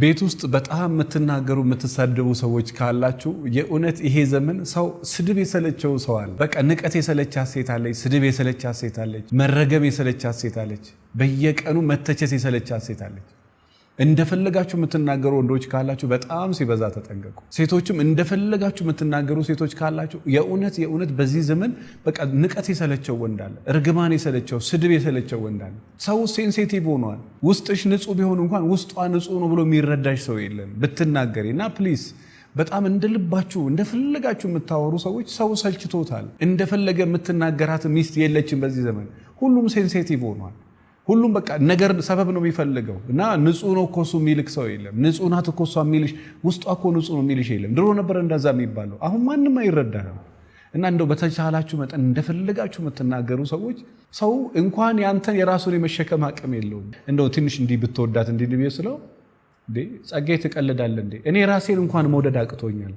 ቤት ውስጥ በጣም የምትናገሩ የምትሳደቡ ሰዎች ካላችሁ የእውነት ይሄ ዘመን ሰው ስድብ የሰለቸው ሰው አለ። በቃ ንቀት የሰለቻት ሴት አለች፣ ስድብ የሰለቻት ሴት አለች፣ መረገም የሰለቻት ሴት አለች፣ በየቀኑ መተቸት የሰለቻት ሴት አለች። እንደፈለጋችሁ የምትናገሩ ወንዶች ካላችሁ በጣም ሲበዛ ተጠንቀቁ። ሴቶችም እንደፈለጋችሁ የምትናገሩ ሴቶች ካላችሁ የእውነት የእውነት በዚህ ዘመን በቃ ንቀት የሰለቸው ወንዳለ፣ እርግማን የሰለቸው፣ ስድብ የሰለቸው ወንዳለ። ሰው ሴንሴቲቭ ሆኗል። ውስጥሽ ንጹህ ቢሆን እንኳን ውስጧ ንጹህ ነው ብሎ የሚረዳሽ ሰው የለም ብትናገሪ እና ፕሊስ በጣም እንደልባችሁ እንደፈለጋችሁ የምታወሩ ሰዎች ሰው ሰልችቶታል። እንደፈለገ የምትናገራት ሚስት የለችም። በዚህ ዘመን ሁሉም ሴንሴቲቭ ሆኗል። ሁሉም በቃ ነገር ሰበብ ነው የሚፈልገው እና ንጹህ ነው እኮ እሱ የሚልክ ሰው የለም። ንጹህ ናት እኮ እሷ የሚልሽ ውስጧ እኮ ንጹህ ነው የሚልሽ የለም። ድሮ ነበር እንደዛ የሚባለው፣ አሁን ማንም አይረዳም። እና እንደው በተቻላችሁ መጠን እንደፈለጋችሁ የምትናገሩ ሰዎች ሰው እንኳን ያንተን የራሱን የመሸከም አቅም የለውም። እንደው ትንሽ እንዲህ ብትወዳት እንዲህ ብዬ ስለው እንዴ ጸጋዬ ትቀልዳለህ እንዴ? እኔ ራሴን እንኳን መውደድ አቅቶኛል።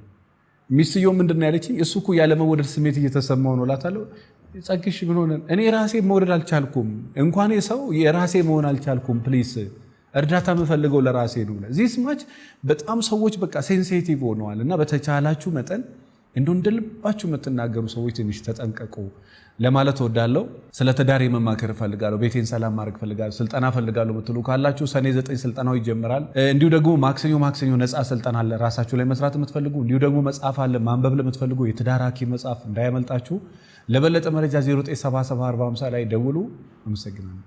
ሚስትየው ምንድን ነው ያለችኝ? እሱ እኮ ያለመወደድ ስሜት እየተሰማው ነው እላታለሁ። ጸግሽ ምን እኔ ራሴ መውደድ አልቻልኩም፣ እንኳን ሰው የራሴ መሆን አልቻልኩም። ፕሊስ እርዳታ የምፈልገው ለራሴ ነው። ዚስ ማች በጣም ሰዎች በቃ ሴንሲቲቭ ሆነዋል እና በተቻላችሁ መጠን እንደው ልባችሁ የምትናገሩ ሰዎች ትንሽ ተጠንቀቁ ለማለት እወዳለሁ። ስለ ትዳር መማከር እፈልጋለሁ። ቤቴን ሰላም ማድረግ እፈልጋለሁ። ስልጠና እፈልጋለሁ ምትሉ ካላችሁ ሰኔ ዘጠኝ ስልጠናው ይጀምራል። እንዲሁ ደግሞ ማክሰኞ ማክሰኞ ነፃ ስልጠና አለ ራሳችሁ ላይ መስራት የምትፈልጉ እንዲሁ ደግሞ መጽሐፍ አለ ማንበብ ለምትፈልጉ የትዳር ሐኪም መጽሐፍ እንዳያመልጣችሁ። ለበለጠ መረጃ 097745 ላይ ደውሉ። አመሰግናለሁ።